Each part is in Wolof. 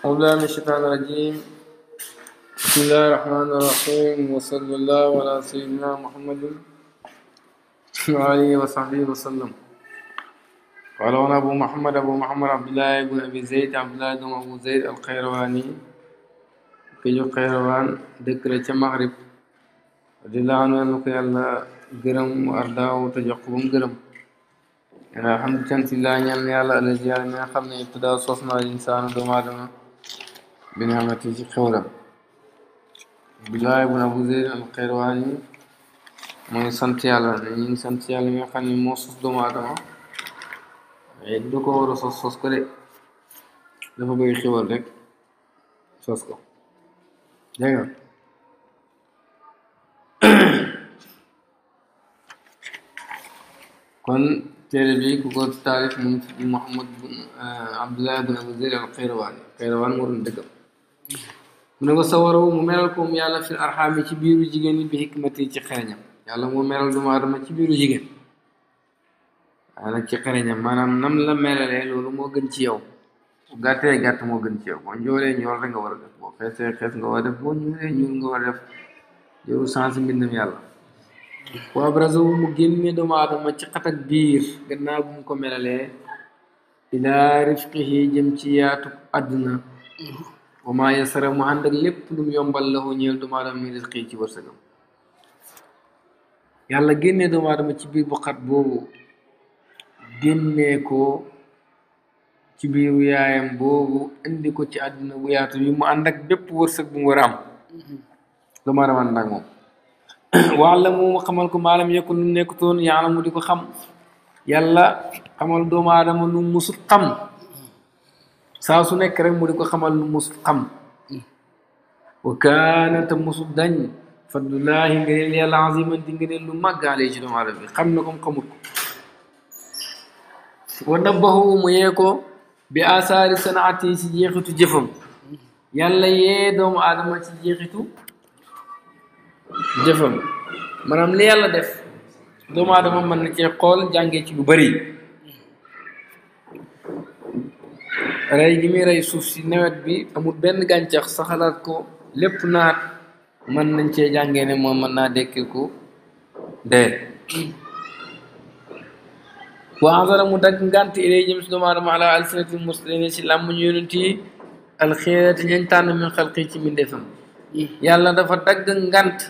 أعوذ بالله من الشيطان الرجيم بسم الله الرحمن الرحيم وصلى الله على سيدنا محمد وآله وصحبه وسلم قال وانا أبو محمد أبو محمد عبد الله بن أبي زيد عبد الله بن أبو زيد القيرواني كيجو قيروان ذكر مغرب رضي الله عنه يلا gërëm ardaaw te jox ko ba mu gërëm alhamdulilah ñaan yàlla alaji yàlla mi nga xam ne ibtidaa sos بنعمتك خورا بلاي بنا بوزير القيرواني من سنتي على من سنتي على مكان موسوس دوما دوما يدكو رصاص سكري دفع بي خبر لك سكو دعنا كن تربي كوكو تعرف من محمد بن آه، عبد الله بن بوزير القيرواني القيرواني مرن دكتور mu ne ko sawarawu mu melal ko yàlla fil arxaami ci biiru jigéen yi bi xikmati ci xereñam yàlla moo melal doomu aadama ci biiru jigéen waaye ci xereñam maanaam nam la melalee loolu moo gën ci yow bu gàttee gàtt moo gën ci yow boo njoolee njool rek nga war a def boo xeesee xees nga war def boo ñuulee ñuul nga war a def yow sens mbindam yàlla wa abrazahu mu génne doomu aadama ci xat ak biir gannaaw bu mu ko melalee ilaa rifqihi jëm ci yaatu àdduna wa maa yasara mu ànd ak lépp lu yombal lahu ñeel doomu aadama mi risqi ci wërsëgam yàlla génnee doomu aadama ci biir bu boobu génnee ko ci biiru yaayam boobu indi ko ci àdduna bu yaatu bi mu ànd ak bépp wërsëg bu mu war a am doomu aadama ànd ak moom wax la mu xamal ko maalam yokku nu di ko xam yàlla xamal doomu aadama nu musut saa su nekk rek mu di ko xamal lu mus xam wa kaana te musu dañ fadlullaahi nga neel yàlla aziman di nga neel lu màggaale ci doomu aadama bi xam na ko xamut ko wa nabbahu mu yee bi asaari sanaat yi ci jeexitu jëfam yàlla yee doomu aadama ci jeexitu jëfam maanaam li yàlla def doomu aadama mën na cee xool jàngee ci lu bari rey gi rey suuf si nawet bi amul benn gàncax saxalaat ko lépp naat mën nañ cee jàngee ne moom mën naa dekkiku dee waadara mu dagg ngànt ilay jëm si doomu aadama ala alsinati mursalina si làmmuñ yonent yi alxeerati tànn min xalqi ci mbindéefam yàlla dafa dagg ngant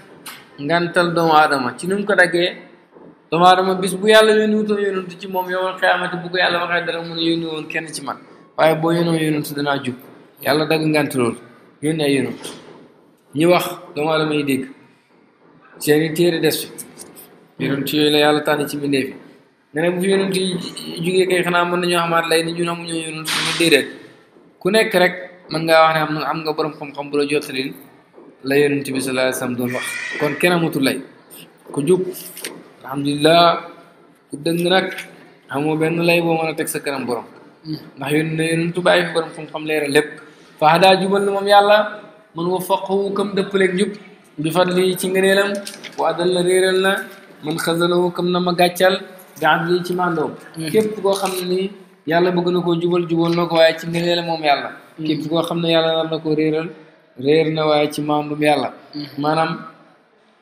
ngantal doomu aadama ci nu ko daggee doomu aadama bis bu yàlla yónni wutoon yonent ci moom yowal xiyaamati bu ko yàlla waxee dara mu ne yónni woon kenn ci man waaye boo yónnoo yónantu danaa jub yàlla dagg ngant lool yónnee ay yónantu ñi wax doomu aadama yi dégg seeni téere des fi yónantu yooyu la yàlla tànn ci mbindee fi nga ne bu fi yónantu yi jugee kay xanaa mën nañoo xamaat lay ni ñun amuñoo yónantu ñu déedéet ku nekk rek mën ngaa wax ne am am nga borom xam-xam bu la jottalin la yónantu bi sallallahu alayhi wasallam wax kon kenn amatul lay ku jub alhamdulilah ku dëng nag benn lay boo mën a teg sa kanam borom. ndax yéen ne yéen tubaab fi borom xam-xam leeral lépp fa daa jubal na moom yàlla man wa faqahu kam dëppaleeg njub bi fadli ci ngëneelam wa dal la réeral na man xasalawu kam na ma gàccal gaab lii ci mandoom hmm. képp koo xam ne yàlla bëgg na koo jubal jubal na ko waaye moom yàlla hmm. koo xam ne yàlla war na ko réeral réer na waaye ci mandum yàlla hmm. maanaam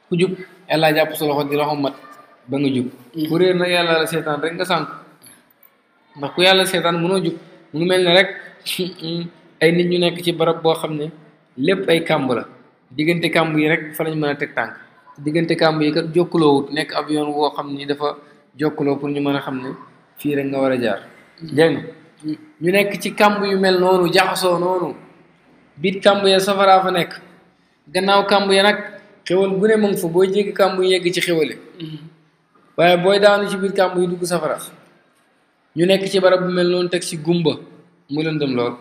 ku jub yàlla jàpp sa loxo di loxo mat ba nga jub ku réer nag yàlla rek nga sànku ndax ku yàlla seetaan mënoo jub mu mel ne rek ay nit ñu nekk ci barab boo xam ne lépp ay kàmb la diggante kàmb yi rek fa lañ mën a teg tànk diggante kàmb yi kat jokkaloowut nekk ab yoon woo xam ni dafa jokkaloo pour ñu mën a xam ne fii rek nga war a jaar ñu nekk ci kàmb yu mel noonu jaxasoo noonu biit kàmb ya safaraa fa nekk gannaaw kàmb yi nag xewal bu ne mu ngi fa booy jéggi kàmb yi yegg ci xewale mm-hmm. waaye booy daanu ci biir kàmb yi dugg safara ñu nekk ci barab bu mel noonu teg ci gumba mu lëndëm lool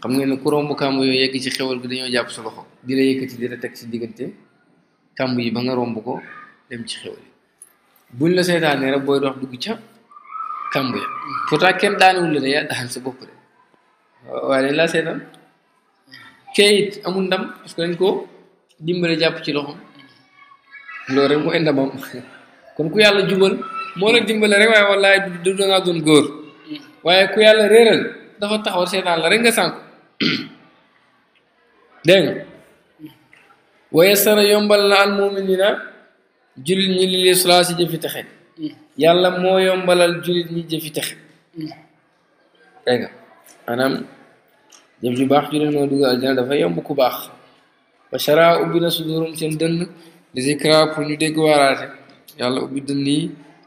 xam ngeen ne ku romb kàmb yooyu yegg ci xewal bi dañoo jàpp sa loxo di la yëkkati di la teg ci diggante kàmb yi ba nga romb ko dem ci xewal yi buñ la seetaanee rek booy dox dugg ca kàmb ya kenn daanewul la ne sa bopp waaye dañ laa seetaan amul ndam parce que ko dimbale jàpp ci loxom loolu rek mooy ndamam kon ku yàlla jubal moo la dimbale rek waaye wallaay du dangaa doon góor mm. waaye ku yàlla réeral dafa taxaw seetaan la rek nga sànku dégg nga mm. sara yombal na al muminina jullit ñi li li solaa si jëfi texe mm. yàlla moo yombalal jullit ñi jëfi texe dégg nga baax ju leen moo dugg aljana dafa yomb ku baax ba chara ubbi na sudurum seen dënn di zikra pour ñu dégg waaraate yàlla ubbi dënn yi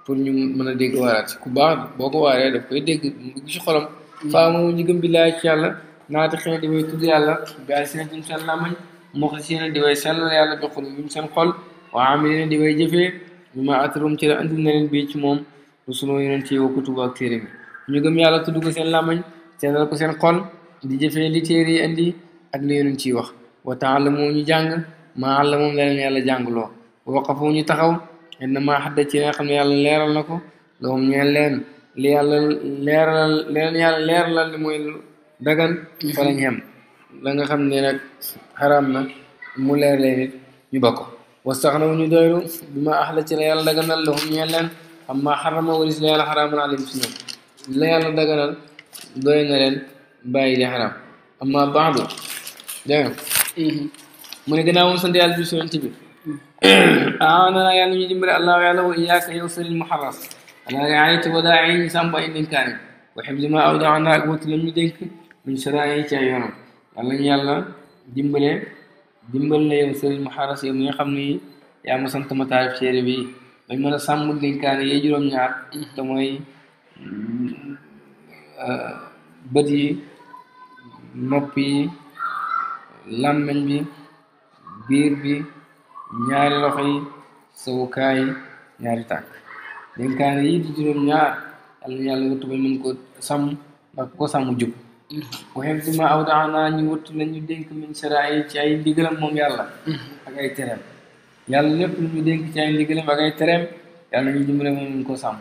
pour ñu mën a dégg waaraat ku baax boo ko waaree daf koy dégg mu ci xolam faa mu ñu gëm bi laa ci yàlla naata xëy di way tudd yàlla bi ay seen jum seen lamañ moxi seen di way sellal yàlla bi xol jum seen xol waa amilina di way jëfee ñu ma atarum ci la andil na leen bii ci moom rusuloo yonent yi wa kutubu ak téere mi ñu gëm yàlla tudd ko seen lamañ sellal ko seen xol di jëfee li téere yi andi ak li yonent ci wax wa taala moo ñu jàng maa àlla moom la leen yàlla jàngloo waqafoo ñu taxaw innama xadda ci nga xam ne yàlla leeral na ko loom ñeen leen li yàlla leeralal leen yàlla leeralal li mooy dagan fa lañ xem la nga xam ne nag xaraam na mu leer leen it ñu ba ko wastaxnaw ñu doylu bi ma axla ci la yàlla daganal lahum ñeen leen xam maa xarama walis la yàlla xaraamal alim si ñoom la yàlla daganal doy na leen bàyyi di xaraam amma baax bi mhm. mu ne gannaaw moom sant yàlla bi sonti bi أنا يا نبي جبر الله يا لو إياك يوصل المحرس أنا يا عيت وداع إنسان بين إن كان وحب ما أودع أنا قوت لم يدك من شرائي تايونا الله يا جبر جبر لا يوصل المحرس يوم يخمني يا مسنت ما تعرف شيري بي بين ما نسام بدين كان يجرم نار تماي بدي نبي لمن بي بير بي ñaari loxo yi sawukaay ñaari tànk dénkaane yi di juróom ñaar yàlla yàlla wëttu ba mën ko sàmm ndax ko sàmm jub mm-hmm. waxem si ma aw daanaa ñu wëttu lañu dénk min saraay ci ay ndigalam moom yàlla mm-hmm. ak ay tereem yàlla lépp lu ñu dénk ci ay ndigalam ak ay tereem yàlla ñu ko sam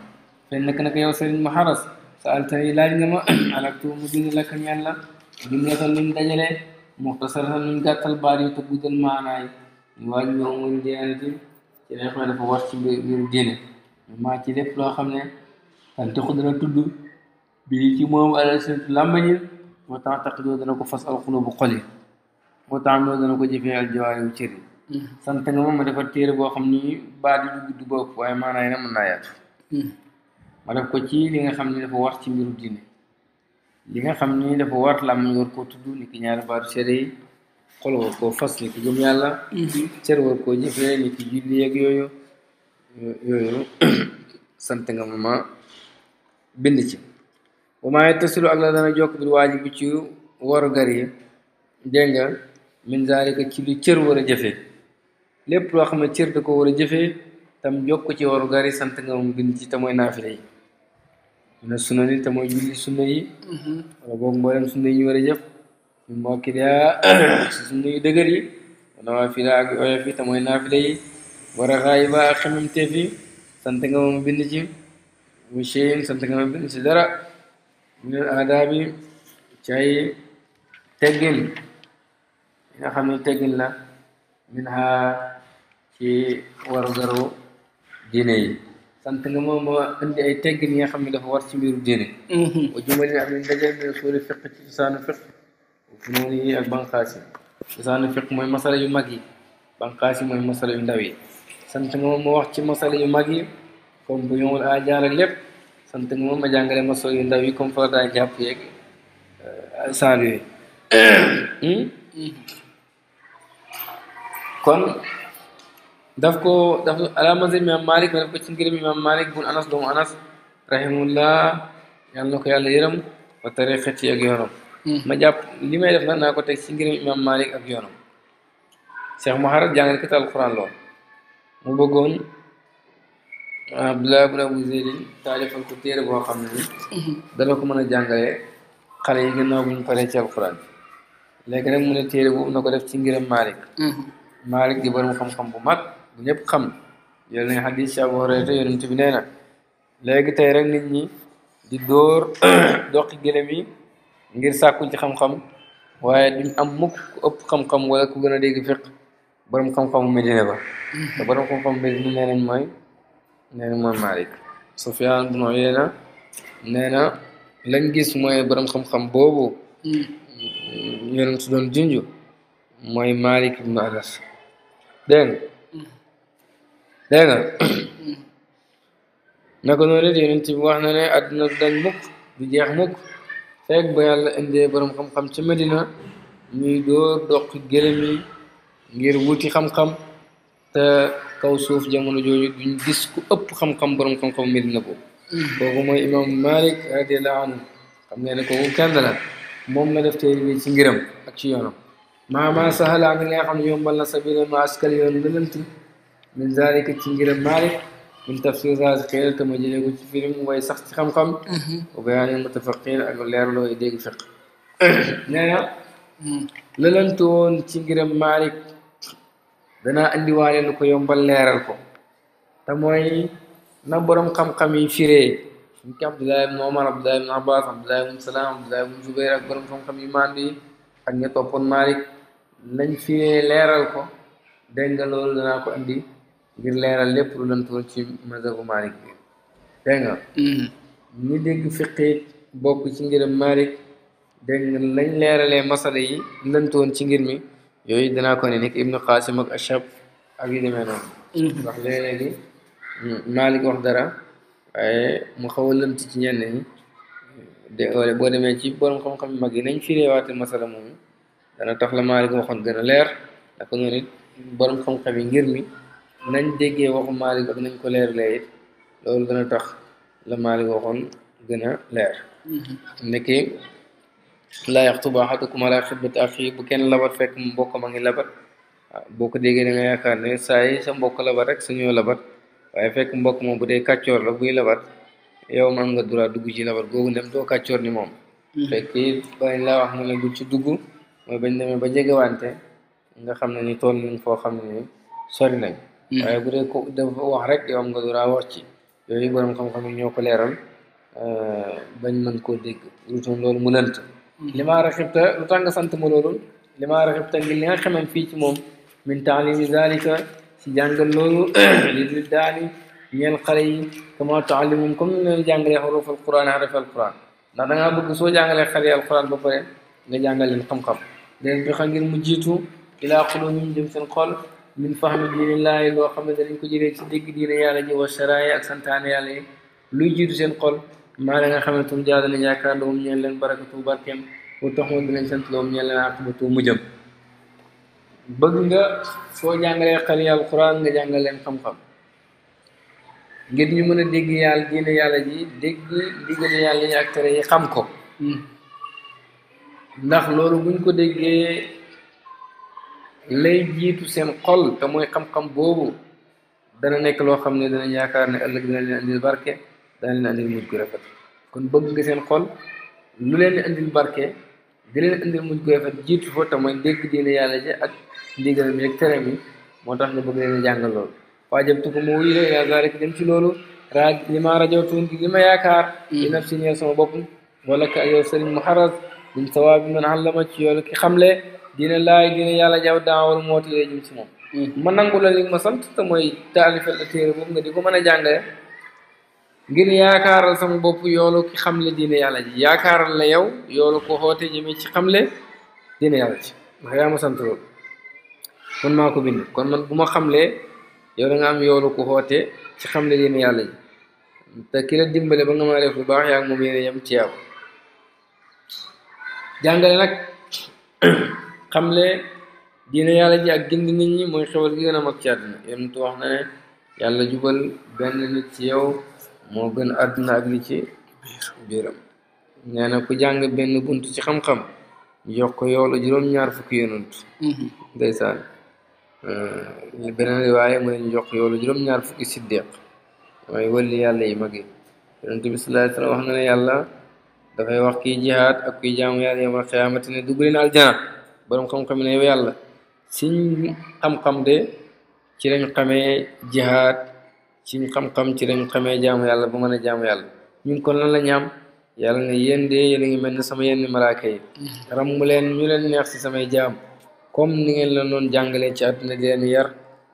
fen nak naka yow sëriñ ma xaras sa altari laaj nga ma alaktu mu dina lakkan yàlla jumlatal luñ dajale muxtasaratan luñ gàttal baar yi te guddal maanaay waaj bi xamul diyanati ci li nga xam ne dafa war ci mbiru diine maa ci lépp loo xam ne tante xu dana tudd bii ci moom alsin làmbañil moo tax taqidoo dana ko fas alxulubu xol yi moo tax am dana ko jëfee aljawaay cër yi mm-hmm. sant nga moom ma dafa téere boo xam ni baat yi du gudd bopp waaye maanaay na mën naa yaatu mm-hmm. ma def ko ci li nga xam ni dafa war ci mbiru diine li nga xam ni dafa war làmbañ war koo tudd ni ki ñaari baatu seede xol war koo fas ni ku gëm yàlla mhm. cër war koo jëfee ni ki julli ak yooyu sant nga ma bind ci bu maa tasilu ak la dana jokk bi waajib ci waru yi dégg nga min ci lu cër war a jëfee lépp loo xam ne cër da ko war a jëfee tam jokk ci waru gar yi sant nga ma bind ci te mooy naafile yi mu ne sunna ni mooy julli sunna yi mhm. wala boog mboolem sunna yi ñu war a jëf immoo kidaa sisni dagarii nawaafilaa go'ee fi tamoyin naafilayii warra raayibaa akkamimtee fi santa gamama binnijiif وشين سنتكلم بين سدرة من الآداب شيء تجن إذا خمن تجن لا منها شيء ورزرو ديني سنتكلم ما عندي أي تجن يا خمن له ورث ميرو ديني وجمل من دجل من أصول الفقه لسان الفقه funoon mooy masala yu mag yi banqaas yu ndaw yi sant nga moom ma wax yu mag yi comme bu lépp sant nga moom ma yu ndaw yi comme farataay jàpp yeeg euh, hmm? kon daf ko daf ala mazhab imam malik ma daf ko malik bun anas doomu anas rahimullah yàlla na ko yàlla yërëm wa tariqati ak ma jàpp li may def nag naa ko teg ci ngërëm imam Malik ak yoonam Cheikh Mouharat jàngal kat alquran lool mu bëggoon Abdullah ibn Abu Zaydin taalifal ko téere boo xam ni dana ko mën a jàngale xale yi gannaaw bu ñu paree ci alquran léegi nag mu ne téere boobu na ko def ci ngërëm Malik Malik di borom xam-xam bu mag bu ñëpp xam yolu nañ xadis ci Abu Hurayra yonent bi nee na léegi tey rek nit ñi di dóor doqi gëlëm ngir sàkku ci xam-xam waaye duñ am mukk ku ëpp xam-xam wala ku gën a dégg fiq borom xam-xamu Medina ba te borom xam-xamu mooy nee nañ mooy Malik Sufyaan bu lañ gis mooy borom xam-xam boobu hmm. yéen su doon junj mooy Malik ibnu Anas dégg nga hmm. dégg nga hmm. naka wax na ne àdduna du dañ mukk jeex mukk fekk ba yàlla indee boroom xam-xam ci Medina ñuy door doq gëlëm yi ngir wuti xam-xam te kaw suuf jamono jooju duñ gis ku ëpp xam-xam boroom xam-xam Medina boobu mm. kooku mooy imam Malik radiallahu anhu xam ngeen ne kooku kenn la moom la def téere bi ci ngiram ak ci yoonam maama sahala mi nga xam yombal na sabila askal yoon lënant min zalika ci ngiram Malik min tafsir saas xëyal te ma jëlee ko ci firim way sax ci xam-xam bu bayaanee mutafaqiin ak leerlooy dégg fiq nee na mm. lëlantu woon ci ngiram Maalik danaa indiwaale lu ko yombal leeral ko te mooy na borom xam-xam yi firee ñu ki Abdullah ibn Omar Abdullah ibn Abbas Abdullah ibn Salaam Abdullah ibn Zubayr borom xam-xam yi maandu yi ak ña toppoon Maalik nañ firee leeral ko dégg nga loolu danaa ko indi ngir leeral lépp lu lëntoon ci mazhabu Malik bi dégg nga mm-hmm. ñi dégg fiqit bokk ci ngiram Malik dégg lañ leeralee masala yi lëntoon ci ngir mi yooyu danaa ko ni nekk Ibnu Qasim ak Ashab ak mm-hmm. wax dara waaye mu xaw lënt ci ñenn ñi de wala boo demee ci borom xam-xam mag yi nañ firéewaate masala moomu dana tax la Malik waxoon gën a leer naka noonu it borom xam-xam yi ngir mi nañ déggee waxu Maalik ak nañ ko leer it loolu gën a tax la Maalik waxoon gën a leer ndeke laa yaxtubu ahadukum alaa xitbati axiihi bu kenn labar fekk mbokk ma ngi labar boo ko déggee da nga yaakaar ne saa yi sa mbokk labar rek sa ñoo labar waaye fekk mbokk moom bu dee kàccoor la buy labar yow man nga droit dugg ci labar googu dem doo kàccoor ni moom fekk bañ laa wax ne la bu ci dugg mooy bañ demee ba jegewante nga xam ne ni toll nañ foo xam ne ni sori nañ waaye mm-hmm. eh, bu ko dafa wax rek yow am nga duraa wax ci yooyu borom xam-xam yi ñoo ko leeral eh, bañ mën koo dégg ruutoon loolu mu lënt mm-hmm. li maa raxibta lu tax nga sant ma loolu li maa raxibta ngir li nga xamam fii ci moom min taalimi zalika si jàngal loolu li di daani ñeel xale yi kama taalimum comme ni leen jàngalee xuruf alquran xaraf alquran ndax da ngaa bëgg soo jàngalee xale yi alquran ba pare nga jàngal leen xam ngir mu jiitu ilaa xuloo ñu jëm min fahmi diine laayi loo xam ne danañ ko jëlee ci dégg diine yàlla ji wa saraaya ak santaane yàlla yi luy jiitu seen xol maa la nga xam ne tum jaadale yaakaar loom ñeen leen barakatu barkeem bu tax moom dinañ sant loom ñeen leen aqibatu mujjam bëgg nga soo jàngalee xel yi alquran nga jàngal leen xam-xam ngir ñu mën a dégg yàlla diine yàlla ji dégg diggale yàlla yi ak tere yi xam ko hmm. ndax loolu buñ ko déggee lay jiitu seen xol te mooy xam-xam boobu dana nekk loo xam ne danañ yaakaar ne ëllëg dana leen andil barke dana leen andil mujj gu rafet kon bëgg seen xol lu leen andil barke di leen andil mujj gu rafet jiitu fa te mooy dégg diine yàlla ji ak ndigalam yeeg tere mi moo tax ñu bëgg leen a jàngal loolu waajab tukku mu wuyu ci loolu raaj li ma rajowtuun li ma yaakaar mm. li naf si ñeel sama bopp wala ka yow sëriñ mu xaras liñ sawaab bi man àllama ci yoolu ki xamle dina laay dina yàlla jaw daawal moo téye jëm si moom mm-hmm. ma nangu la li ma sant te mooy taalifal la téere boobu nga di ko mën a jàngale ngir yaakaaral sama bopp yoolu ki xamle diine yàlla ji yaakaaral la yow yoolu ko xoote jëme ci xamle diine ma ko kon man bu ma xamlee yow da nga am yoolu ko xoote ci xamle diine yàlla ji te ba nga mën a baax yaa ngi moom yéene yam ci jàngale nag xamle diine yàlla ji ak gindi nit ñi mooy xewal gi gën a mag ci àdduna yonentu wax na ne yàlla jubal benn nit ci yow moo gën àdduna ak li ci biiram nee na ku jàng benn bunt ci xam-xam ñu jox ko yow la juróom-ñaar fukki yonent mhm. ndeysaan beneen riwaaye mooy ñu jox ko yow siddiq mooy wëlli yàlla yi mag yi yonent bi sallallahu alayhi wa wax na ne yàlla dafay wax kii jihaad ak kuy jaamu yàlla yawmal xiyaamati ne dugg leen aljana borom xam-xam ne yow yàlla siñ xam-xam de ci lañ xamee jihad siñ xam-xam ci lañ xamee jaamu yalla bu mën a jaamu yàlla ñun kon lan la ñam yalla ne yende de yéen a ngi mel sama yenn malaaka yi ram mu len ñu len neex ci sama jaam comme ni ngeen la non jangale ci aduna di leen yar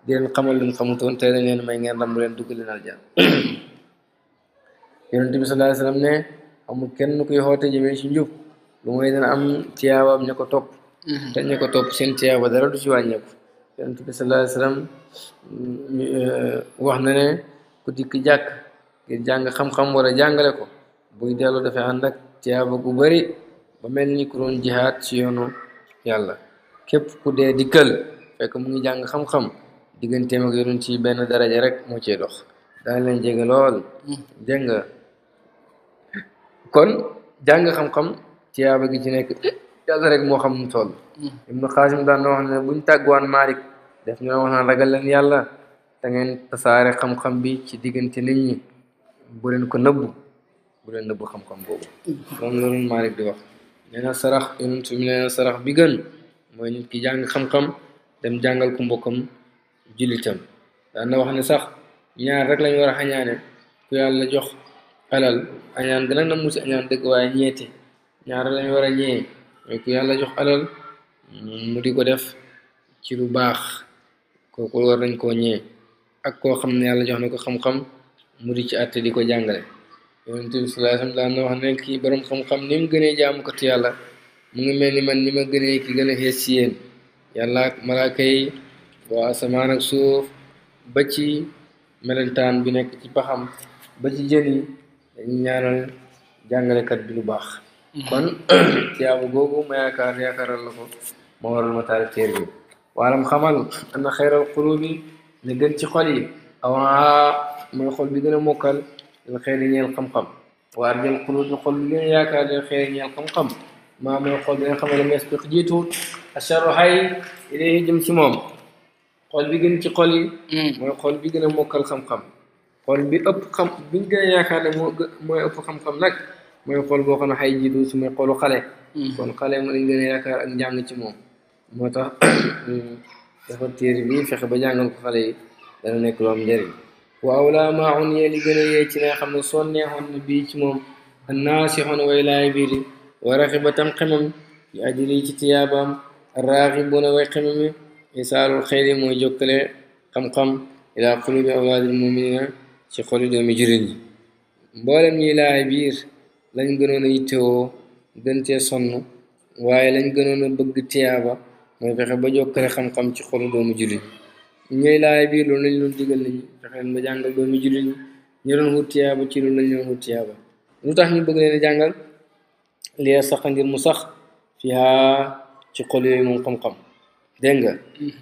di leen xamal luñ xamutoon tey dañ leen may ngeen ramm len dugg leen aljaan yonente bi sallallahu alayhi wasallam ne amu kenn ku xoote jeme ci njub lu moy dina am ci ña ñako top dañ ne ko topp seen tiyaaba dara du ci wàññeeku yonent bi sallallahu alayhi wasallam wax na ne ku dikk jàkk ngir jàng xam-xam wala jàngale ko buy dellu dafay ànd ak tiyaaba gu bari ba mel ni ku doon jihaad ci yoonu ya yàlla képp ku dee dikkal fekk mu ngi jàng xam-xam digganteem ak yonent ci benn daraja rek moo cee dox daa leen jege lool dégg mm-hmm. nga kon jàng xam-xam tiyaaba gi ci nekk yàlla rek moo xam mu toll hmm. ibnu xaasim daan na wax ne buñ tàgguwaan Malik def ñu wax naan ragal leen yàlla da tasaare xam bi ci diggante nit ñi ko nëbbu bu leen nëbbu xam-xam hmm. di wax nee sarax bi gën mooy nit ki jàng xam-xam dem mbokkam jullitam daan sax ñaar rek lañ war a xañaane ku yàlla jox alal añaan gën a na musi añaan dëgg waaye ñeete ñaar lañ war a ñëwee mooy ku jox alal mu di ko def ci lu baax kooku war nañ koo ñee ak koo xam ne yàlla jox na ko xam-xam mu di ci àtte di ko jàngale yonent bi sallallahu alayhi wax ne kii borom xam-xam ni mu gënee jaamukat yàlla mu ngi mel ni man ni ma gënee ki gën a xees ci yàlla ak malaaka yi waa asamaan ak suuf ba ci melentaan bi nekk ci paxam ba ci jën ñaanal jàngalekat bi lu baax kon tiyaaba mm-hmm. googu ma yaakaar yaakaaral la ko ma waral ma taal téer bi waalam xamal ana xayral qulubi ne gën ci xol yi awaa mooy xol bi gën a mokkal l xëyri ñeel xam-xam waar jël xam-xam maa mooy xol bi nga xam ne mees pex jiitu asharu xay ilayhi jëm ci moom xol bi gën ci xol yi mm-hmm. mooy xol bi gën a mokkal xam-xam xol bi ëpp xam biñ gën a yaakaar ne mooy ëpp xam-xam nag mooy xool boo xam ne xay jiitu su mooy xoolu xale kon xale mu lañ gën a yaakaar ak njàng ci moom moo tax dafa téere bi fexe ba jàngal ko xale yi dana nekk lu am njëriñ waaw laa maa xun yee li gën a yee ci ne xam ne sonnee xon na bii ci moom naa si xon way laay biiri wa raxiba tam xemam yi ajili ci tiyaabaam raaxi bu na way xemami isaalul xeyri mooy jokkale xam-xam ilaa xulubi awlaadil muminina ci xoli doomi jurit ñi mboolem ñi laay biir lañ gënoon a yittewoo gën cee sonn waaye lañ gënoon bëgg tiyaaba mooy fexe ba jokkale xam-xam ci xolu doomu jullit ñooy laay biir loolu lañ doon digal nit ñi fexe leen jàngal doomu jullit ñi ñu doon wut tiyaaba ci loolu lañ doon wut tiyaaba tax ñu bëgg leen a jàngal lee sax ngir mu sax fiaa ci xol yooyu moom xam-xam dégg nga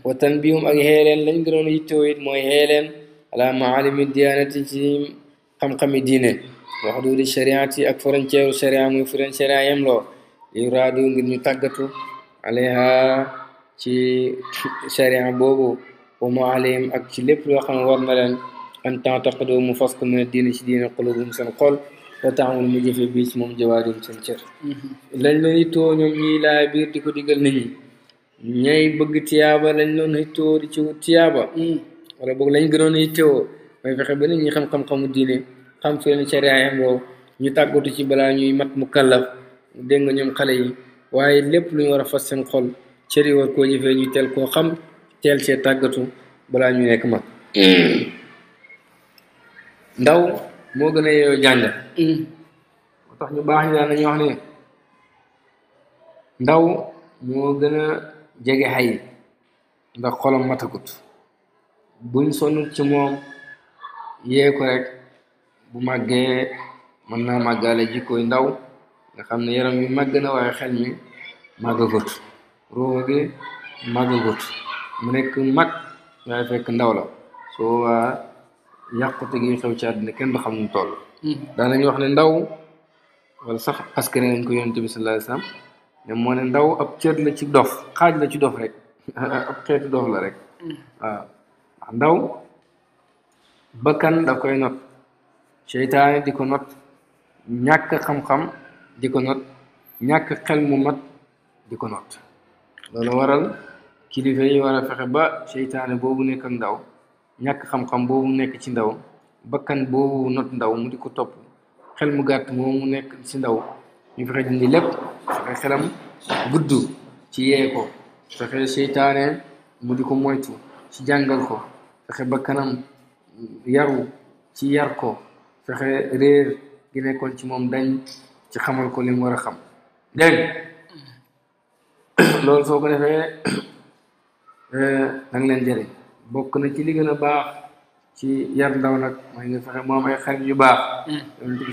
watan bium ak xeeleen lañ gënoon a yittewoo it mooy xeeleen ala maalimi diyaanati ci xam-xami diine wa xuduudi shariati ak frontière sharia muy frontière sharia yem loo li raadu ngir ñu tàggatu alayha ci sharia boobu wa mu ak ci lépp loo xam ne war na leen an ta'taqidu mu fas ko mën a diine ci diine qulubuhum seen xol ba taxawul mu jëfe bii ci moom jawaarim seen cër mm-hmm. lañ leen yittoo ñoom ñii laay biir di ko digal nit ñi ñay bëgg tiyaaba lañ loon yittoo di ci wut tiyaaba mm. wala boog lañ gënoon yittewoo mooy fexe ba nit ñi xam-xam-xamu diine xam fi ne cariyaayam boobu ñu tàggatu ci balaa ñuy mat mu kallaf dégg nga ñoom xale yi waaye lépp lu ñu war a fas seen xol cëri war koo jëfee ñu teel koo xam teel see tàggatu balaa ñu nekk mag hmm. ndaw moo gën a yeeyoo jàng hmm. tax ñu baax ñu daan wax ndaw moo gën a jege xay ndax xolam matagut buñ sonnut ci moom yee ko rek bu màggee mën naa màggaale jikkooy ndaw nga xam ne yaram wi màgg na waaye xel mi màggagut roo gi màggagut mu nekk mag waaye fekk ndaw la soo waa gi xew ci àddina kenn du xam nu toll mm-hmm. daanañu wax ne ndaw wala sax parce que nañ ko yonent bi sallallahu alayhi wasallam ne moo ne ndaw ab ceet la ci dof xaaj la ci dof rek ab xeetu dof la rek mm-hmm. ndaw bakkan daf koy not seytaane di ko not ñàkk xam-xam di ko not ñàkk xel mu mat di ko not loolu waral kilifa yi war fexe ba seytaane boobu nekk ndaw ñàkk xam-xam boobu nekk ci ndaw bakkan boobu not ndaw mu di ko topp xel mu gàtt moomu nekk ci ndaw ñu fexe dindi lépp fexe xelam gudd ci yee ko fexe seytaane mu di ko moytu ci jàngal ko fexe bakkanam yaru ci yar ko fexe réer gi nekkoon ci moom dañ ci xamal ko li war a xam dégg loolu soo ko defee eh, da nga leen jëriñ bokk na ci li gën a baax ci yar ndaw nag mooy nga fexe moom ay xarit yu baax mm. yonent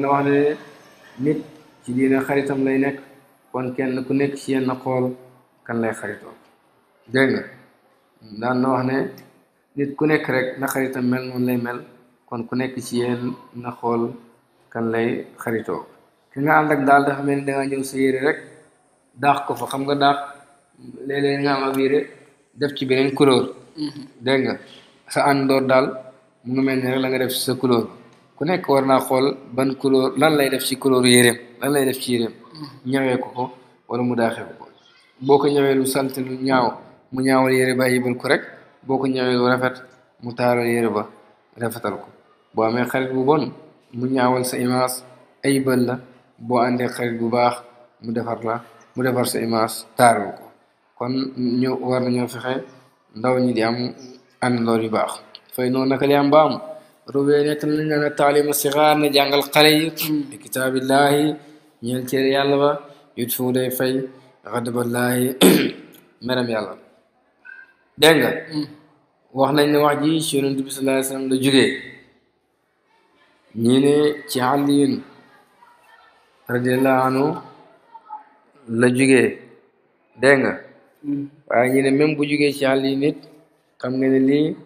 wax ne nit ci diina xaritam lay nekk kon kenn ku nekk ci yenn xool kan lay xaritoo dégg nga daan wax ne nit ku nekk rek na xaritam mel noonu lay mel kon ku nekk ci yéen na xool kan lay xaritoo ki nga ànd daal dafa mel ni danga ñëw sa yére rek daax ko fa xam nga daax léeg nga am ab yére def ci beneen couleur mm-hmm. dégg nga sa àndoor daal mu mel ni rek la nga def ci sa couleur ku nekk war naa xool ban couleur lan lay def ci couleur yéreem lan lay def ci yéreem mm-hmm. ñëwee ko ko wala mu daaxee ko ko boo ko ñëwee lu sant lu ñaaw mu ñaawal yére ba yibal ko rek boo ko ñëwee lu rafet mu taaral yére ba rafetal ko bo amé xarit bu bon mu ñaawal sa image ay bal la bo andé xarit bu baax mu defar la mu defar sa image taru ko kon ñu war nañoo fexe ndaw ñi di am àndandoor yu baax fay no naka li am baam am robee ne tam nañ naan taalima sixaar na jàngal xale yi ci kitaabillahi ñeel ci yàlla ba yutfu fu day fay xadaballaahi meram yàlla dégg nga wax nañ ne wax ji si yonent bi sallallahu alayhi wasallam la jugee ñii ne ci àlliin radiallahu anhu la jugee dégg nga mm. waaye ñi ne même bu jugee ci àlliin nit xam nga ne lii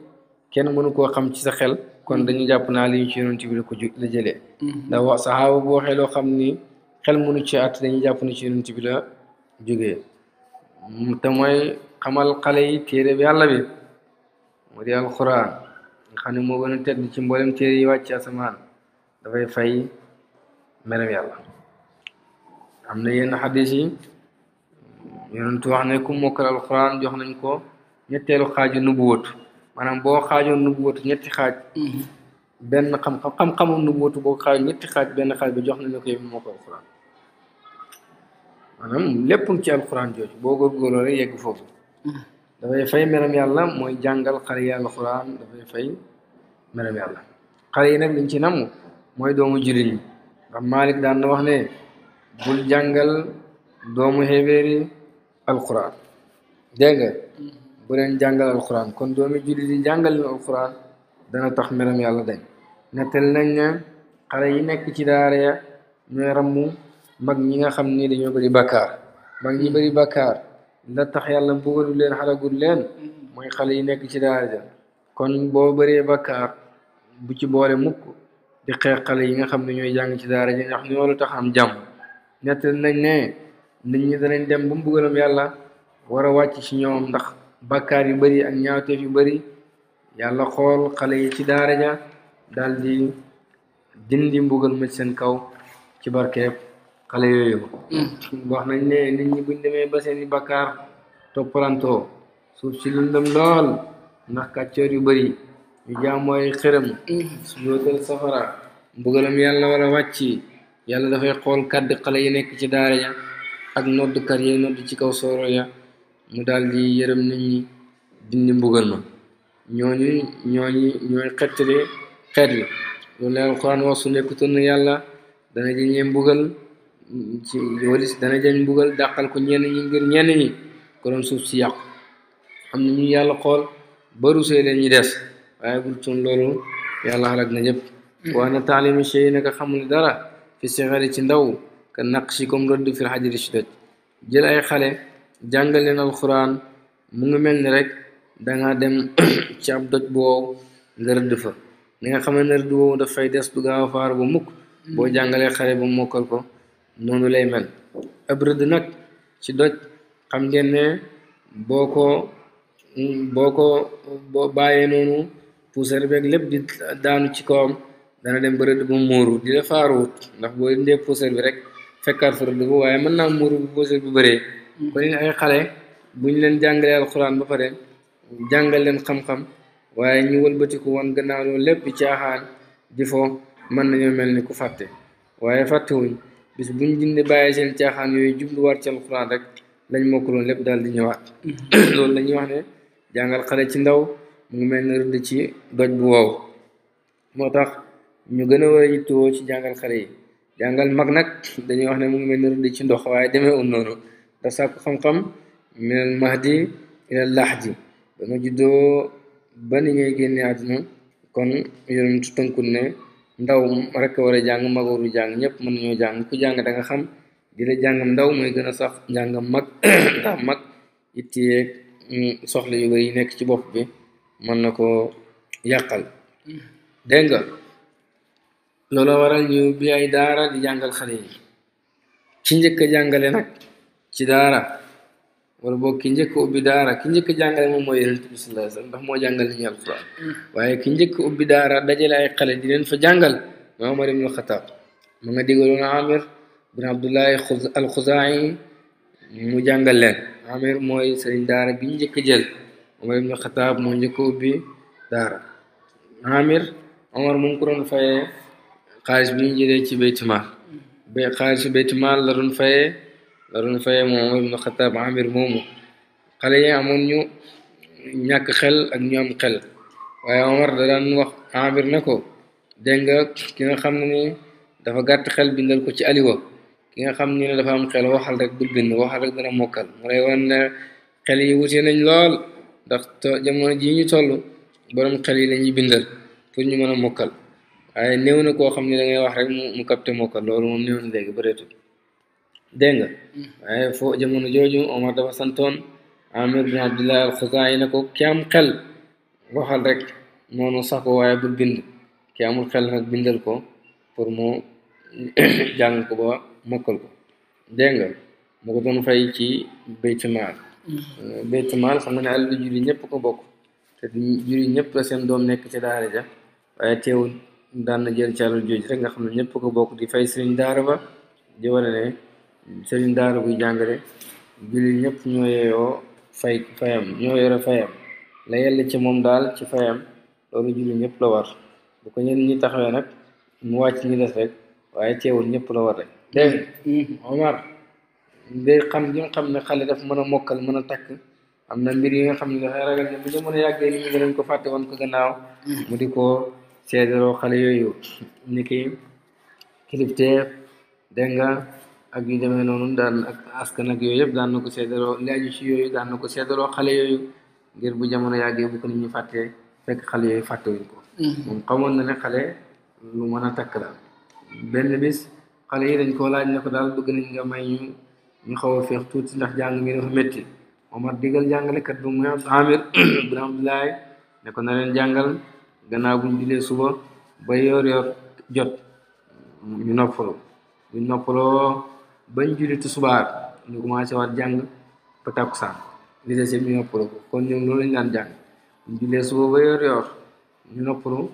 kenn mënu koo xam ci sa xel kon mm. dañu jàpp naa li ñu ci yonent bi la ko la jëlee mm. ndax boo xeloo xam ni xel mënu ci at dañu jàpp ni ci yonent bi la jógee te mooy xamal xale yi téere bi yàlla bi mu di alquran nga xam ne moo gën a tedd ci mboolem téere yi wàcc asamaan dafay fay merew yàlla am na yenn xadis yi yonentu wax ne ku mokkal alquran jox nañ ko ñetteelu xaaju nubuwatu maanaam boo xaajoon nubuwatu ñetti xaaj benn xam xam-xamu nubuwatu boo xaaj ñetti xaaj benn xaaj bi jox nañ la ko yow mokkal alquran maanaam lépp ci alquran jooju boo góorgóorloo rek yegg foofu dafay fay meram yàlla mooy jàngal xale yi alquran dafay fay meram yàlla xale yi nag liñ ci namm mooy doomu jullit ñi ndax Malik daan na wax ne bul jàngal doomu xebeeri alquran dégg nga mm-hmm. bu leen jàngal alquran kon doomu jullit yi jàngal leen alquran dana tax meram yàlla dañ nettal nañ ne xale yi nekk ci daara ya ñooy rammu mag ñi nga xam ni dañoo bëri bàkkaar mag ñi bëri bàkkaar la tax yàlla mbugalul leen xalagul leen mm-hmm. mooy xale yi nekk ci daara ja kon boo bëree bàkkaar bu ci boole mukk di xeex xale yi nga xam ne ñooy jàng ci daara ji ndax loolu tax am jàmm nett nañ ne nit ñi danañ dem ba mu yàlla war a wàcc ci ñoom ndax bakkaar yu bari ak ñaawteef yu bari yàlla xool xale yi ci daara ja daal dindi mbugal ma seen kaw ci barkeeb xale yooyu mm. nañ ne nit ñi buñ demee ba seeni bakkaar toppalantoo suuf si lëndëm lool ndax kàccoor yu bari yu jaam mooy xërëm su yóotal safara mbugalam yàlla war wàcc yàlla dafay xool kàdd xale yi nekk ci daara ya ak noddkat yi nodd ci kaw soro ya mu daal di yërëm nit ñi dindi mbugal ma ñooñu ñooñu ñooy xettale xeet yi loolu la alquran wax su nekkutoon yàlla dana jañee mbugal ci walis dana jañ mbugal dàqal ko ñenn ñi ngir ñenn ñi ko suuf si yàq am na ñu yàlla xool baru see leen ñi des waaye bul toon loolu yàlla xalak na ñëpp wax na taalimi shey naka xamul dara fi sixari ci ndaw ka naq si comme rëdd fil xajari si doj jël ay xale jàngal leen alxuraan mu ngi mel ni rek danga dem ci ab doj boobu nga rëdd fa ni nga xamee ne rëdd boobu dafay des du gaaw a faar ba mukk boo jàngalee xale ba mokkal ko noonu lay mel ab rëdd nag ci doj xam ngeen ne boo ko boo ko bàyyee noonu puusare beeg lépp di daanu ci kawam dana dem ba rëdd ba muuru di la faaruwut ndax boo indee puusare bi rek fekkaat fa rëdd ba waaye mën naa muuru bu puusare bu bëree mm. kon ay xale buñ leen jàngalee alxuraan ba pare jàngal leen xam-xam waaye ñu wëlbatiku woon gannaaw loolu lépp caaxaan di fo mën nañoo mel ni ku fàtte waaye fàttewuñ bis buñ dindi bàyyi seen caaxaan yooyu jubluwaat ci alxuraan rek lañ mokkaloon lépp daal di ñëwaat mm. loolu wax ne jàngal xale ci ndaw mu mel na rënd ci doj bu wow moo tax ñu gën a war a yittoo ci jàngal xale yi jàngal mag nag dañuy wax ne mu ngi mel na rënd ci ndox waaye demeewul noonu ndax sàkku xam-xam minal mahdi ilal lahdi ba ma juddoo ba ni ngay génne àdduna kon yonent tënkul ne ndaw rek war a jàng mag waru jàng ñëpp mën nañoo jàng ku jàng da nga xam di la jàngam ndaw mooy gën a sax njàngam mag ndax mag it mm, soxla yu bëri nekk ci bopp bi man na koo yàqal dégg nga loolu waral ñu bi ay daara di jàngal xale yi ki njëkk a jàngale nag ci daara war boog ki njëkk ubbi daara ki njëkk jàngale moom mooy yonent bi sallallahu alayhi wasallam moo jàngal ni ñu alquran waaye ki njëkk ubbi daara dajale ay xale di leen fa jàngal ma ma nga digaloon mu jàngal leen Amir mooy sëriñ daara bi njëkk jël Omar ibn Xataab moo njëkk a ubbi daara Amir Omar mu ngi ko doon fayee xaalis bi ñu jëlee ci Baytul Maal ba xaalis Baytul Maal la doon fayee la doon fayee moom Omar ibn Xataab Amir moomu xale yi amoon ñu ñàkk xel ak ñu am xel waaye Omar da daan wax Amir ne ko dégg nga ki nga xam ne ni dafa gàtt xel bindal ko ci aliwa ki nga xam ne dafa am xel waxal rek bul bind waxal rek dana mokkal mu lay wan ne xel yi wute nañ lool. ndax jamono jii ñu toll borom xel yi lañuy bindal pour ñu mën a mokkal waaye néew na koo xam ne da ngay wax rek mu mu capté mokkal loolu moom néew na léegi bëreetul dégg nga mm. waaye fo jamono jooju Omar dafa santoon Amir bin Abdullah al-Xuzaayi ne ko ki am xel waxal rek noonu sax ko waaye bul bind ki amul xel nag bindal ko pour mu jàng ko ba mokkal ko dégg nga mu ko doon fay ci baytimaal Euh, baytumaal xam nga ne àll juri ñëpp ko bokk te juri ñëpp la seen doom nekk ci daara ja waaye teewul daan na jël ci àll jooju rek nga xam ne ñëpp ko bokk di fay sëriñ daara ba di wane ne sëriñ daara buy jàngale juri ñëpp ñoo yeyoo fay fayam ñoo yore fayam la yàlla ci moom daal ci fayam loolu juri ñëpp la war bu ko ñenn ñi taxawee nag mu wàcc ñi des rek waaye teewul ñëpp la war rek mm-hmm. Omar day xam xam ne xale daf mën a mokkal mën a takk am na mbir yi nga xam ne dafay ragal ne bu ñu mën a yàggee nit ñi danañ ko fàtte woon ko gannaaw hmm. mu di ko seedaroo xale yooyu ni ki kilifteef ak yu demee noonu daan askan ak yooyu yëpp daan na ko seedaroo laaju ci yooyu daan na ko seedaroo xale yooyu ngir bu jamono yàggee bu ko nit ñi fàttee fekk xale yooyu fàttewuñ ko hmm. moom xamoon na ne xale lu mën a takk la benn bis xale yi dañ koo laaj ne ko daal bëgg nañ nga may ñu ñu xaw a feex tuuti ndax jàng mi dafa métti omar digal jàngalekat bu muy abd amir bin abdoulaye ne ko na leen jàngal gannaaw buñ dilee suba ba yor yor jot ñu noppaloo buñ noppaloo bañ julli tusubaar ñu commencé waat jàng ba takkusaan li des ñu noppaloo ko kon ñoom loolu lañ daan jàng buñ dilee suba ba yor yor ñu noppaloo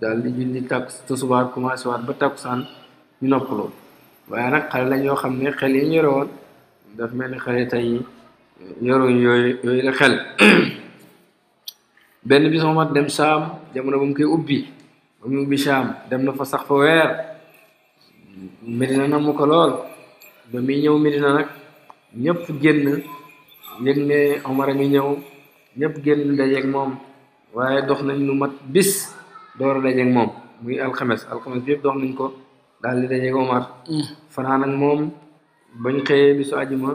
daal di julli takk tusubaar commencé waat ba takkusaan ñu noppaloo waaye nag xale la ñoo xam ne xel yi ñu yore woon daf mel ni xarita yi yoruñ yooyu yooyu la xel benn bis Omar dem saam jamono ba mu koy ubbi ba mu ubbi dem na fa sax fa weer medina na mu ko lool ba muy ñëw medina nag ñëpp génn yëg ne Omar a ngi ñëw ñëpp génn dajeeg moom waaye dox nañ lu mat bis door a dajeeg moom muy alxames alxames bi yëpp dox nañ ko daal di dajeeg Omar fanaan ak moom bañ xëyee bisu àjjuma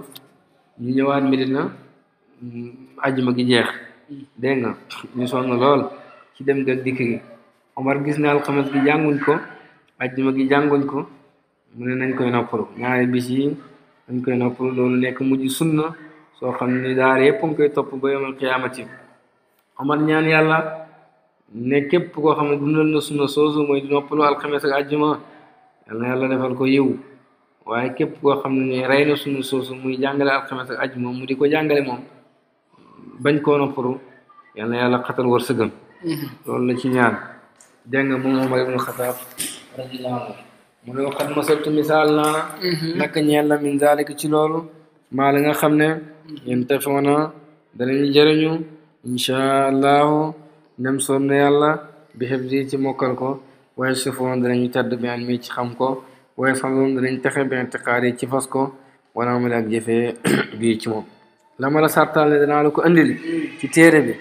ñu ñëwaat Medina àjjuma gi jeex dégg nga ñu sonn lool ci dem gak dikk gi Omar gis na alxames gi jànguñ ko àjjuma gi jànguñ ko mu ne nañ koy noppalu ñaari bis yi dañ koy noppalu loolu nekk mujj sunna soo xam ni daar yëpp nga koy topp ba yomal xiyaamati Omar ñaan yàlla ne képp koo xam ne dundal na sunna soosu mooy di noppalu alxames ak àjjuma yàlla defal ko yiw waaye képp koo xam ne rey na sunu soosu muy jàngale alxames ak aj moom mu di ko jàngale moom bañ koo noppalu yal na yàlla xatal wërsëgam mm-hmm. loolu ci ñaan dégg nga moom Omar ibnu Xataab radiyallaahu mu ne waxat masaltu misaal naa mm-hmm. naka ci loolu maa la nga xam ne yéen tafoona danañu jëriñu inchaa allahu nem soom na yàlla bi xib ci mokkal ko waaye sufoon danañu tedd bi an mi ci xam ko waaye sax moom danañ texe benn tiqaar yi ci fasko ko wala mu ak jëfee bii ci moom. la ma la sartaale danaa la ko andil ci téere bi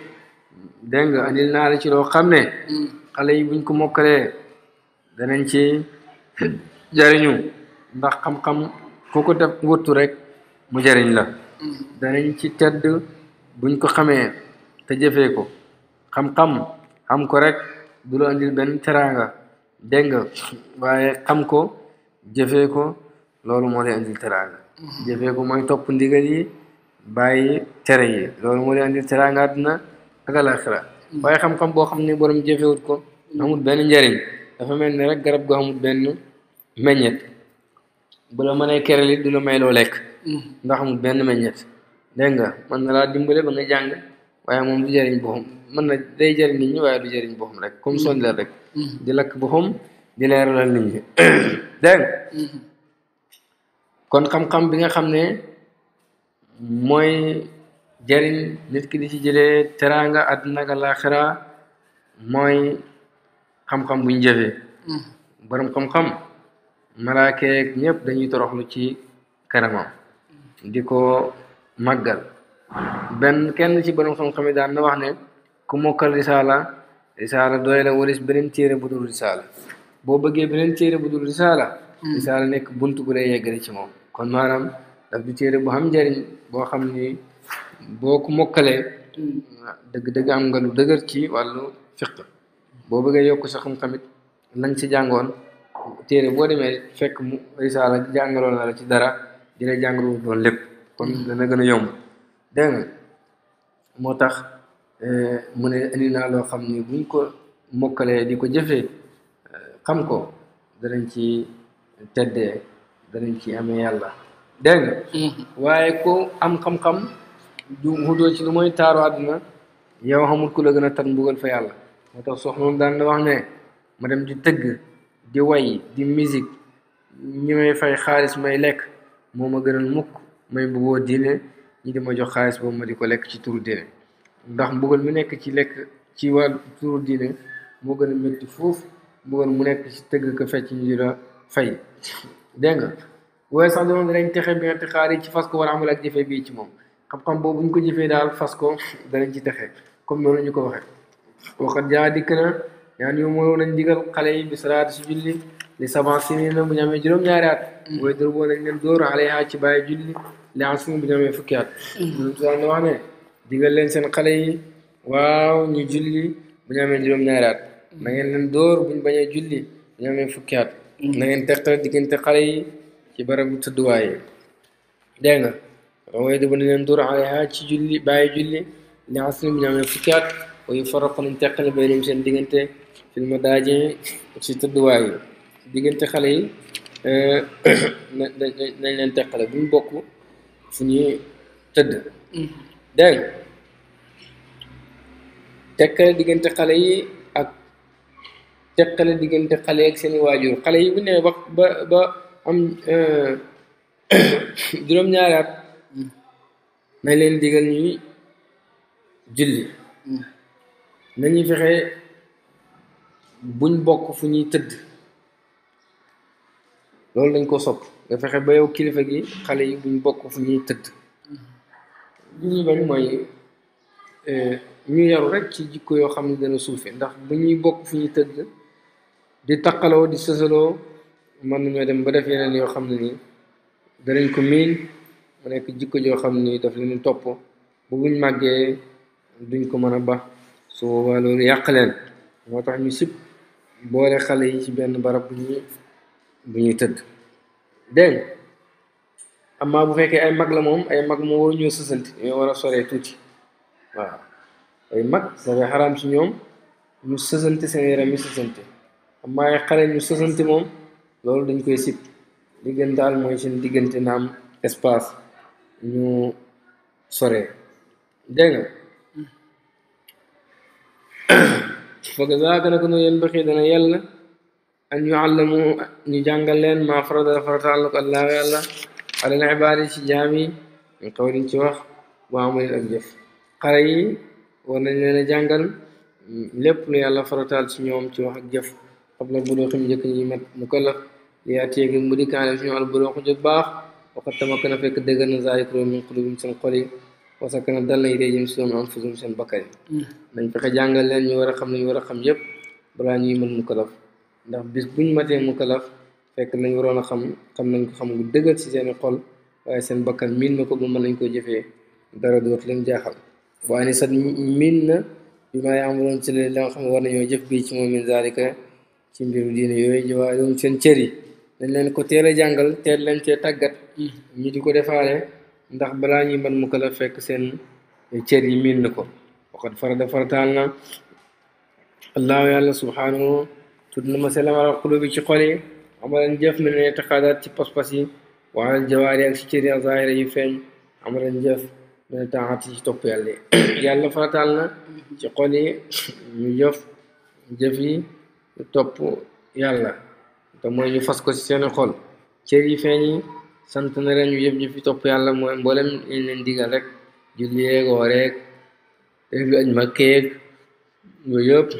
dégg nga andil naa la ci loo xam ne xale yi buñ ko mokkalee danañ ci jariñu ndax xam-xam ku ko def wëttu rek mu jariñ la danañ ci tedd buñ ko xamee te jëfee ko xam-xam xam ko rek du la andil benn teraanga dégg waaye xam ko jëfee ko loolu moo lay andil teraanga mhm. jëfee ko mooy topp ndigal yi bàyyi tere yi loolu moo lay andil teraanga àdduna ak alaxira mhm. waaye xam-xam boo xam ne borom jëfewut ko mhm. amul benn njariñ dafa mel ni rek garab gu amul benn meññet bu la mënee keral it du la may loo lekk ndax benn meññet dégg nga mën na laa dimbale ba nga jàng waaye moom du jëriñ boppam mën na day jëriñ nit ñi waaye du jëriñ boppam rek comme soñ rek di lakk boppam di leeralal nit ñi dégg kon xam-xam bi nga xam ne mooy jëriñ nit di ci jëlee teraanga àdduna ak laaxira mooy xam-xam bu ñu jëfee mm-hmm. borom xam-xam malaakeeg ñëpp dañuy toroxlu ci kanamam mm-hmm. di ko màggal benn kenn ci borom xam-xam yi daan na wax ne ku mokkal risaala risaala doy la waris beneen téere bu dul risaala boo bëggee beneen téere bu dul risaala hmm. risaala nekk bunt bu lay yeggale ci moom kon maanaam daf du téere bu xam njëriñ boo xam ni boo ko mokkalee hmm. dëgg-dëgg am nga dëgër ci wàllu fiq boo bëggee yokk sa xam-xamit lañ jàngoon téere boo demee fekk mu risaala jàngaloon la ci dara dina jàngaloo doon lépp kon hmm. dana gën a yomb dégg nga moo tax eh, mu ne indi naa xam ni buñ ko mokkalee di ko jëfee xam ko danañ ci teddee danañ ci amee yàlla dégg mm-hmm. waaye ko am xam-xam du xudoo ci lu mooy taaru àdduna yow xamul ku la gën a tan mbugal fa yàlla moo tax soxna daan la wax ne ma dem di tëgg di way di musique ñi may fay xaalis may lekk moo ma gën a mukk may bëggoo diine ñi di ma jox xaalis boobu ma di ko lekk ci turu diine ndax mbugal mi nekk ci lekk ci wàllu turu diine moo gën a métti foofu bëggoon mu nekk ci tëgg ko fecc ñu di la fay dégg nga waaye sax doon danañ texe bi nga texaar yi ci fas ko war a amal ak jëfe bii ci moom xam-xam boobu bu ñu ko jëfee daal fas ko danañ ci texe comme noonu ñu ko waxee waxat jaa dikk na ñaan yow moo nañ digal xale yi bi salaat si julli li saban sinin na bu ñu amee juróom-ñaari at way dor boo nañ leen dóor xale ci bàyyi julli li ansin bu ñu amee fukki at ñun tuaan wax ne leen seen xale yi waaw ñu julli bu ñu amee juróom-ñaari na ngeen leen bu ñu bañee julli bu ñu amee fukki at na ngeen teqale diggante xale yi ci barabu tëdduwaay yi dégg nga mooy di ne leen dóor alayha ci julli bàyyi julli li asli bu ñu amee fukki at wayu faraq nañ teqale bay dem seen diggante fil ma daaje ci tëdduwaay yi diggante xale yi eh, nañ leen teqale mu bokk fu ñuy tëdd mm-hmm. dégg teqale diggante xale yi teqale diggante xale ak seeni xale yi bu ne ba ba ba am euh, juróom-ñaari at nañ leen digal ñuy julli nañuy fexe buñ bokk fu ñuy tëdd loolu dañ ko sopp nga fexe ba yow kilifa gi xale yi buñ bokk fu ñuy tëdd li ñuy bañ mooy euh, ñu yaru rek ci jikko yoo xam ne dana suufe ndax bu ñuy bokk fu ñuy tëdd di takalo di sësaloo man ñu dem ba def yeneen yoo xam ne nii danañ ko miin mu nekk jikko joo xam ni daf leen topp bu buñ màggee duñ ko mën a ba su boobaa loolu yàq leen moo tax ñu sib boole xale yi ci benn barab bu ñuy bu ñuy tëdd dégg amma bu fekkee ay mag la moom ay mag moo waru ñoo sësanti ñoo war a soree tuuti waaw ay mag sa haram ci ñoom ñu sësante seen yaram yi sësante amma ay xale ñu sosante moom loolu dañ koy sib li mooy seen diggante na am espace ñu sore dégg nga foog zaaka naka noonu yéen bëxi dana yàlla an yu ñu jàngal leen maa farada farataal ko allah yàlla alal ibaadi ci jaam yi ñu xawriñ ci wax waa amalin ak jëf xale yi war nañ leen jàngal lépp lu yàlla farataal ci ñoom ci wax ak jëf qabla bulooxi mu njëkk ñuy mat mukallaf li atiyeeg mu dikkaale suñu al buloox ju baax waxat tamakkana fekk dëggal na zaalik min qulubim seen xol yi wasakana dal na ilayhim seen anfusum seen bakkan yi nañ fexe jàngal leen ñu war a xam li ñu war a xam yépp balaa ñuy mën mukallaf ndax bis buñ matee mukallaf fekk nañ waroon a xam xam nañ ko xam gu dëggal ci seeni xol waaye seen bakkan miin na ko ba mën nañ koo jëfee dara dootu leen jaaxal waaye ni sax miin na bi maa yàmbaloon ci li nga xam ne war nañoo jëf bii ci moom min zaalika ci mbiru diine yooyu ji waaye doon seen cër yi dañ leen ko teel jàngal teel leen cee tàggat ñu di ko defaale ndax balaa ñuy mën mu ko la fekk seen cër yi miin na ko waxat farada farataal na allahu yàlla subhaanahu tudd nu ma selam ala xulubi ci xol yi amalan jëf mi ne ci pas-pas yi waal jawaari ak ci cër yi zaahira yu feeñ amalan jëf mi ne taaxat ci topp yàlla yàlla farataal ci xol yi ñu jëf yi topp yàlla te mooy ñu fas ko ci seeni xol cër yi feeñ sant na leen ñu yëpp ñu fi topp yàlla mooy mboolem ñu leen digal rek julli yeeg wooreeg léegi aj makkeeg yooyu yëpp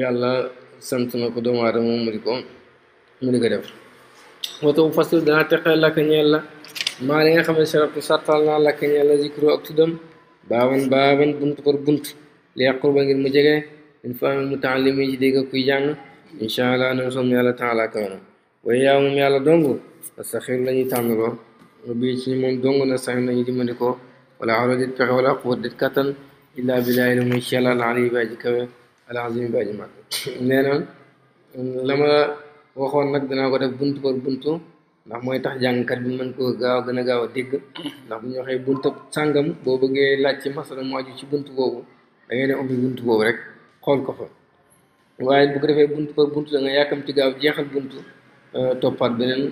yàlla sant na ko doomu aadama mu di ko mu di ko def woto bu fasul dana teqee lakk ñeel la maa li nga sartal naa lakk ñeel la zikru ak tuddam baaban baaban bunt par bunt li yàqur ba ngir mu jege in fahimil mutaallim yi ci dégg kuy jàng incha allah na som yàlla taala kawna waaye yaa moom yàlla dong saxir la ñuy tànnaloo bii moom dong na saxir la ñuy dimbali ko wala xawla dit pexe wala quwat dit kattan illaa billaahi la muy ci yàlla alaali yi bàyyi kawe alazim yi bàyyi mag nee na la ma nag danaa ko def buntu par buntu ndax mooy tax jàngkat bi mën ko gaaw gën a gaaw a dégg ndax bu ñu waxee buntu sàngam boo bëggee laaj ci masala mu aju ci buntu boobu da ngay ne buntu boobu rek xool ko fa waaye bu ko defee bunt par bunt da nga yàkkamti gaaw jeexal buntu euh, toppaat beneen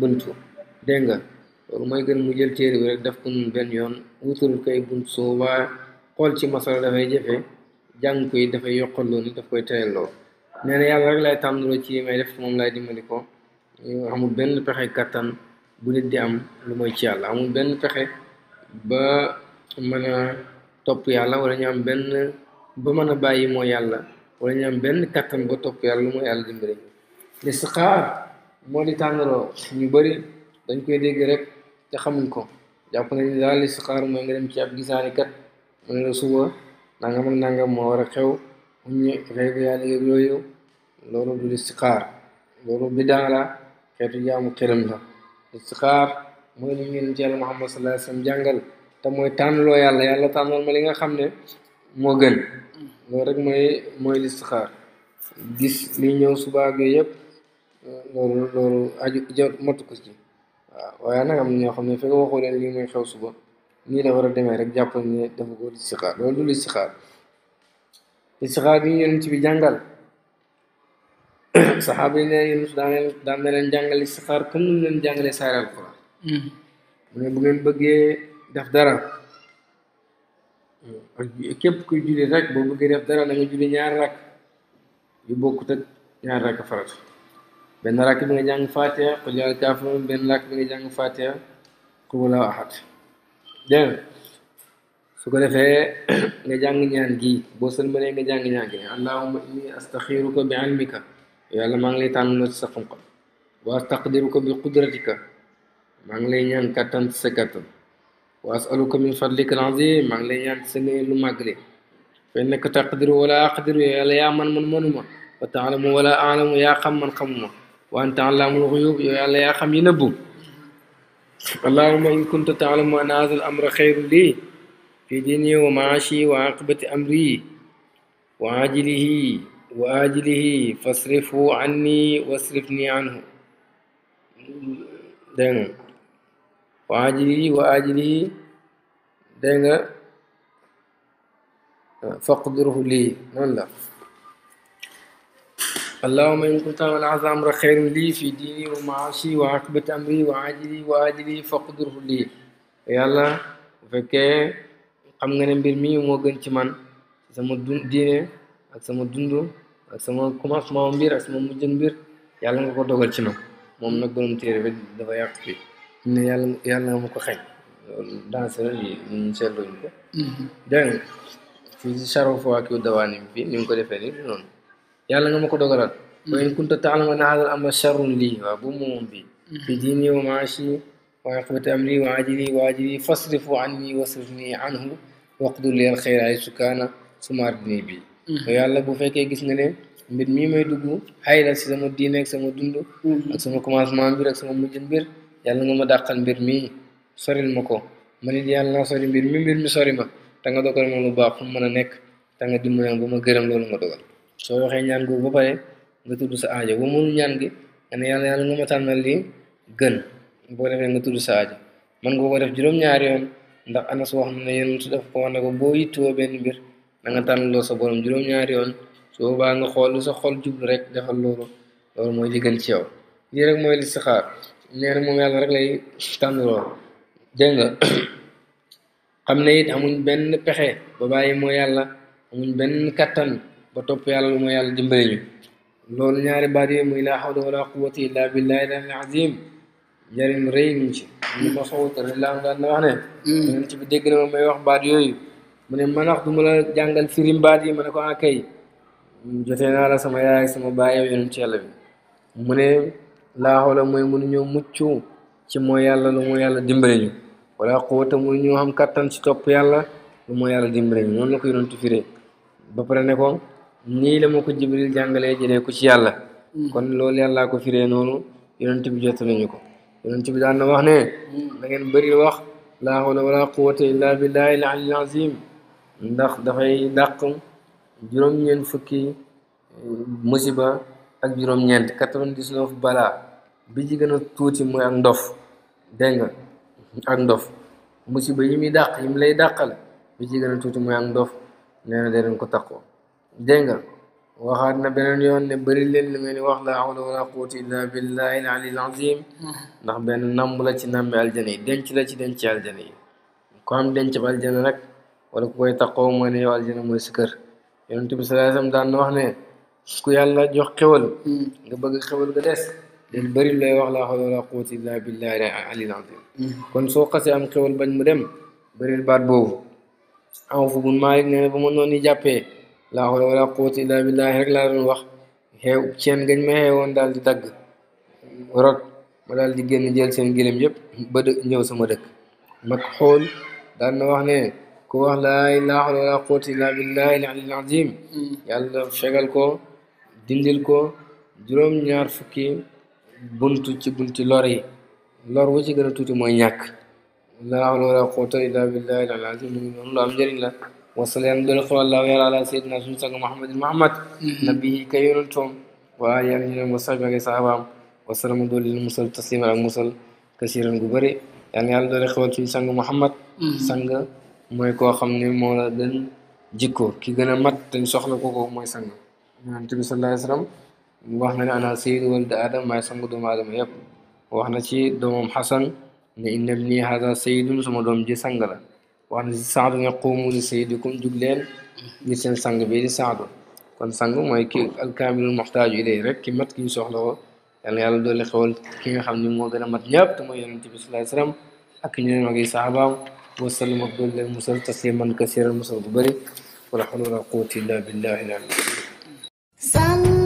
bunt dégg nga loolu mooy gën mu jël téere bi rek daf ko nun benn yoon wutul kay bunt soo waa xool ci masala dafay jafe jàng yi dafay yokkal loo ni daf koy tayal loo yàlla rek lay tànnaloo ci may def moom lay dimbali ko amul benn pexe kattan bu nit di am lu mooy ci yàlla amul benn pexe ba mën a topp yàlla wala ñu am benn ba mën a bàyyi moo yàlla wala ñu am benn kattan ba topp yàlla lu moo yàlla dimbali listixaar moo di tàngaloo ñu bëri dañ koy dégg rek te xamuñ ko jàpp nañ ne daal listixaar mooy nga dem ci ab gisaanikat mu suba nangam nangam moo war a xew uññu xeetu yàlla yëg yooyu loolu du listixaar loolu bidaa la xeetu la listixaar mooy li ñu yonent yàlla Muhammad sallallahu alayhi wa sallam jàngal te mooy tànnaloo yàlla yàlla tànnal ma li nga xam ne moo gën loolu rek mooy mooy listixaar gis li ñëw subaag yooyu yëpp loolu loolu aju jot mot ko ci waaw waaye nag am na ñoo xam ne nga waxoo leen lii mooy xew suba nii la war a demee rek jàppal ne dafa ko listixaar loolu du listixaar listixaar yi yonent bi jàngal saxaaba yi nee yonent daan leen daan na leen jàngal listixaar comme ni mu leen jàngalee saari alquran hmm. mu ne bu ngeen bëggee def dara ak képp kuy julli rek boo bëggee def dara na nga julli ñaari rakk yu bokkut ak ñaari rakk farat benn rakk bi nga jàng fatiha xul yaa kaafiruun benn rakk bi nga jàng fatiha qul huwallahu ahad dégg su ko defee nga jàng ñaan gi boo sëlmalee nga jàng ñaan gi allahumma inni astaxiruka bi ilmika yàlla ya maa ngi lay tànnaloo ci sa xam-xam wa astaqdiruka bi qudratika maa ngi lay ñaan kattan sa kattan وأسألك من فضلك العظيم علي أن تسني المغرب فإنك تقدر ولا أقدر يا من من منما وتعلم ولا أعلم يا خم من خمما وأنت علام الغيوب يا خم ينبو اللهم إن كنت تعلم أن هذا الأمر خير لي في ديني ومعاشي وعاقبة أمري وعاجله وآجله فاصرفه عني واصرفني عنه دائما واجلي واجلي دنا فقدره لي نون لا اللهم ان كنت من اعظم خير لي في ديني ومعاشي وعقبة امري واجلي واجلي فقدره لي يلا فك خم نغن مبير مي مو گن سي مان سما دين اك سما دوندو اك سما كوما سما مبير اك سما مجن مبير يالا نكو دوغال سي نو موم نك بروم تيري دا فا يق فيه ne yàlla yàlla nga ma ko xeeñ loolu danseur yi ñu seetluñ ko mm-hmm. dégg nga fii si charo fois kiw dawaan ni mu ko defee nii noonu yàlla nga ma ko dogalal mm-hmm. wa in kunta ta'lamu anna haadha al-amra sharrun lii waaw bu moom mm-hmm. bi fi diini wa maashi wa aqibati amri wa ajli wa ajli fasrifu anni wasrifni anhu waqdur li al-khayra haythu kaana summa ardini bi yàlla bu fekkee gis nga ne mbir mii may dugg xayla si sama diine ak sama dund ak sama commencement mbir ak sama mujj mbir yalla nga ma dàqal mbir mi soril mako mani yalla sori mbir mi mbir mi sori ma ta nga dogal mo lu baax fu meuna nek ta nga dimbali nga buma gërëm lolu nga dogal so waxe ñaan gu ba pare nga tuddu sa aaje bu mu ñaan gi ene yalla yalla nga ma tanal li gën bo defé nga tuddu sa aaje man nga ko def juroom ñaar yoon ndax anas wax na yeen yéen su def ko wax ne ko boo yittoo ben mbir da nga lo sa borom juroom ñaar yoon so ba nga xol sa xol jublu rek defal lolu lolu moy li gën ci yow rek moy li nee na moom yàlla rek lay tànnloo dégg nga xam ne it amuñ benn pexe ba bàyyi moo yàlla amuñ benn kattan ba topp yàlla lu moo yàlla dimbali ñu loolu ñaari baat yi muy laa hawla wala quwwata illa billahi al azim njëriñ rëy ci ñu ko sowta rek laa daan wax ne hmm. danañ yooyu mu ne man wax du ma la jàngal firim baat yi ma ne ko akay ah, jotee naa la sama yaay sama baay yow yonent ci yàlla bi mu ne laa xoola mooy mënu ñoo mucc ci mooy yàlla lu mooy yàlla dimbale ñu wala quwwata muy ñoo xam kattan ci topp yàlla lu mooy yàlla dimbale ñu noonu la ko yonentu firee ba pare ne ko nii la ma ko jibril jàngalee jëlee ko ci yàlla hmm. kon loolu yàllaa ko firee noonu yonent bi jot nañu ko yonent bi daan na wax ne da hmm. ngeen bëri wax laa hawla wala quwwata illa billahi al aliyyil azim ndax dafay dàq juróom-ñeent fukki eh, musiba ak juróom-ñeent vingt bi ci gën a tuuti mooy ak ndof dégg nga ak ndof musiba yi muy dàq yi mu lay dàqal bi ci gën a tuuti mooy ak ndof nee na danañ ko takkoo dégg nga waxaat na beneen yoon ne bëri leen li ngeen di wax laa hawla wala quwwata illa billahi al-aliyyil azim ndax benn namb la ci nambi aljana yi denc la ci denc aljana yi ku am denc ba aljana nag wala ku koy takkoo mooy ne yow aljana mooy sa kër yonent bi sallallahu alayhi wasallam daan na wax ne ku yàlla jox xewal mm. nga bëgg xewal ga des البري لا ولا حول ولا قوة إلا بالله العلي العظيم كن سوق سيام كول بن مدم بري الباربو أو فبون مايك نحن بمنوني جابي لا حول ولا قوة إلا بالله هكلا نوح هي كان جن ما هي وان دال دتاج ورد مدال دي جن جل سين جلم جب بد نيو سمرك مكحول دان نوح نه كوا لا إله إلا الله قوة إلا بالله العلي العظيم يالله شغل كو دندل كو جرم نيار فكيم buntu ci bunti lor lor wu ci gën a tuuti mooy ñàkk la hawla wala quwwata illa billahi al azim mu ngi noonu lu am njëriñ la wasal yàlla doole xolal laaw yàlla ala sayyidina suñu sang muhammadin muhammad nabi ka yoonul toom waa yàlla ñu leen wasal bi ak sahabaam wasalama doole li musal tasliman ak musal kasiran gu bëri yàlla yàlla doole xewal suñu sang muhammad mm-hmm. sang mooy koo xam ne moo la jikko ki gën a mat soxla ko ko mooy sang yonent bi sallallahu alayhi wa sallam وحنا أنا سيد ولد آدم ما يسمو دوم آدم يب وحنا شي دوم حسن إن ابني هذا سيد سما دوم جي سنغلا وحنا جي سعد نقوم لسيدكم جبلين نسين سنغ بي جي سعد كون سنغ ما يكي الكامل المحتاج إليه رك كي مت كي سوحلو يعني يالو دولي خول كي نخم نمو غير مت نيب تما يرنتي بسلاء السلام أكي نيرم أغي صحابا وسلم أبدو للمسل تسليما كثيرا مسل غبري ولا حول ولا قوة إلا بالله العالمين